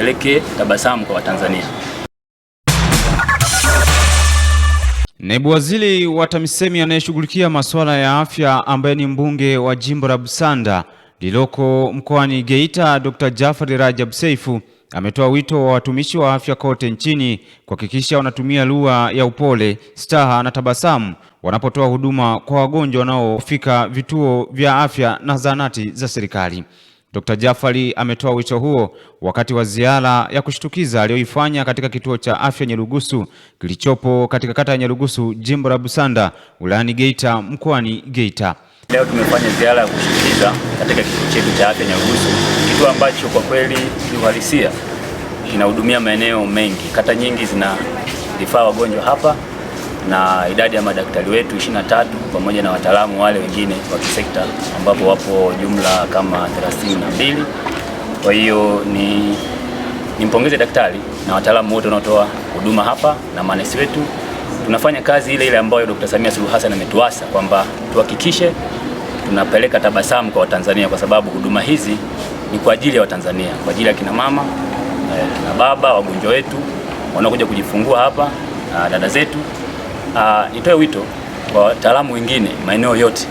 tupeleke tabasamu kwa Watanzania. Naibu waziri wa TAMISEMI anayeshughulikia masuala ya afya ambaye ni mbunge wa jimbo la Busanda lililoko mkoani Geita, Dr. Jafari Rajab Seifu ametoa wito wa watumishi wa afya kote nchini kuhakikisha wanatumia lugha ya upole, staha na tabasamu wanapotoa huduma kwa wagonjwa wanaofika vituo vya afya na zahanati za serikali. Dr. Jafari ametoa wito huo wakati wa ziara ya kushtukiza aliyoifanya katika kituo cha afya Nyarugusu kilichopo katika kata ya Nyarugusu, jimbo la Busanda, wilayani Geita, mkoani Geita. Leo tumefanya ziara ya kushtukiza katika kituo chetu cha afya Nyarugusu, kituo ambacho kwa kweli kiuhalisia kinahudumia maeneo mengi, kata nyingi zina vifaa wagonjwa hapa na idadi ya madaktari wetu 23 pamoja na wataalamu wale wengine wa kisekta ambapo wapo jumla kama 32. Kwa hiyo ni nimpongeze daktari na wataalamu wote wanaotoa huduma hapa na manesi wetu. Tunafanya kazi ile ile ambayo Dr. Samia Suluhu Hassan ametuasa kwamba tuhakikishe tunapeleka tabasamu kwa Watanzania, kwa sababu huduma hizi ni kwa ajili ya Watanzania, kwa ajili ya kina mama, eh, kina baba, wagonjwa wetu wanaokuja kujifungua hapa, ah, dada zetu. Uh, nitoe wito kwa wataalamu wengine maeneo yote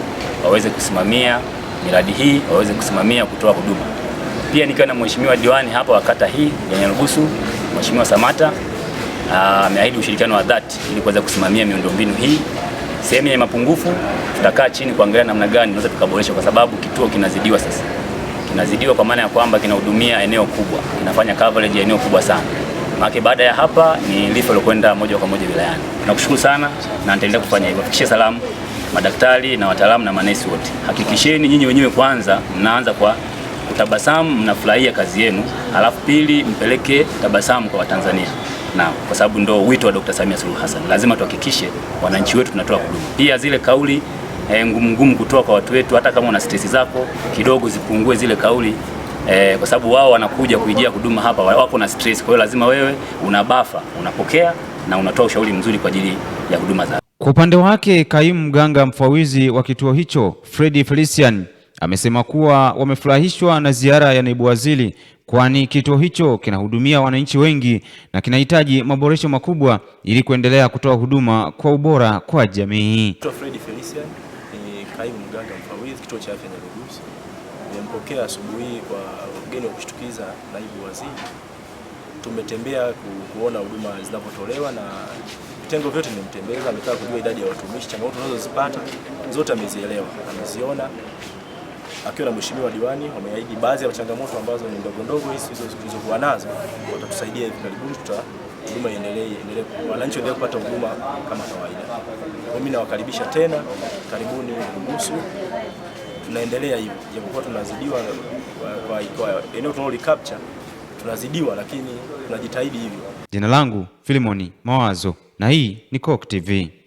waweze kusimamia miradi hii, waweze kusimamia kutoa huduma. Pia nikiwa na mheshimiwa diwani hapa wa kata hii ya Nyarugusu, Mheshimiwa Samata ah, ameahidi uh, ushirikiano wa dhati ili kuweza kusimamia miundombinu hii. Sehemu yenye mapungufu tutakaa chini kuangalia namna gani tunaweza tukaboresha, kwa sababu kituo kinazidiwa sasa, kinazidiwa kwa maana ya kwamba kinahudumia eneo kubwa, kinafanya coverage ya eneo kubwa sana. Maana baada ya hapa ni lifa lokwenda moja kwa moja wilayani. Nakushukuru sana na nitaendelea kufanya hivyo. Fikishe salamu madaktari na wataalamu na manesi wote. Hakikisheni nyinyi wenyewe kwanza mnaanza kwa kutabasamu, mnafurahia kazi yenu, alafu pili mpeleke tabasamu kwa Watanzania na kwa sababu ndo wito wa Dr. Samia Suluhu Hassan, lazima tuhakikishe wananchi wetu tunatoa huduma. Pia zile kauli eh, ngumu ngumu kutoa kwa watu wetu, hata kama una stress zako kidogo zipungue zile kauli eh, kwa sababu wao wanakuja kuijia huduma hapa, wapo na stress. Kwa hiyo lazima wewe una unapokea na unatoa ushauri mzuri kwa ajili ya huduma za. Kwa upande wake kaimu mganga mfawizi wa kituo hicho Fredi Felician amesema kuwa wamefurahishwa na ziara ya naibu waziri, kwani kituo hicho kinahudumia wananchi wengi na kinahitaji maboresho makubwa ili kuendelea kutoa huduma kwa ubora kwa jamii. Fredi Felician ni kaimu mganga mfawizi kituo cha afya Nyarugusu. Nimempokea asubuhi kwa ugeni wa kushtukiza naibu waziri. Tumetembea kuona huduma zinavyotolewa na vitengo vyote nimemtembeza, ametaka kujua idadi ya watumishi, changamoto tunazozipata zote amezielewa, ameziona. Akiwa na mheshimiwa diwani, wameahidi baadhi ya changamoto ambazo ni ndogo ndogo hizi zilizokuwa nazo watatusaidia hivi karibuni, tuta huduma iendelee endelee, wananchi waendelee kupata huduma kama kawaida. Mimi nawakaribisha tena, karibuni Bubusu tunaendelea hivyo, japokuwa tunazidiwa kwa eneo tunalolicapture, tunazidiwa lakini tunajitahidi hivyo. Jina langu Filimoni Mawazo na hii ni Coke TV.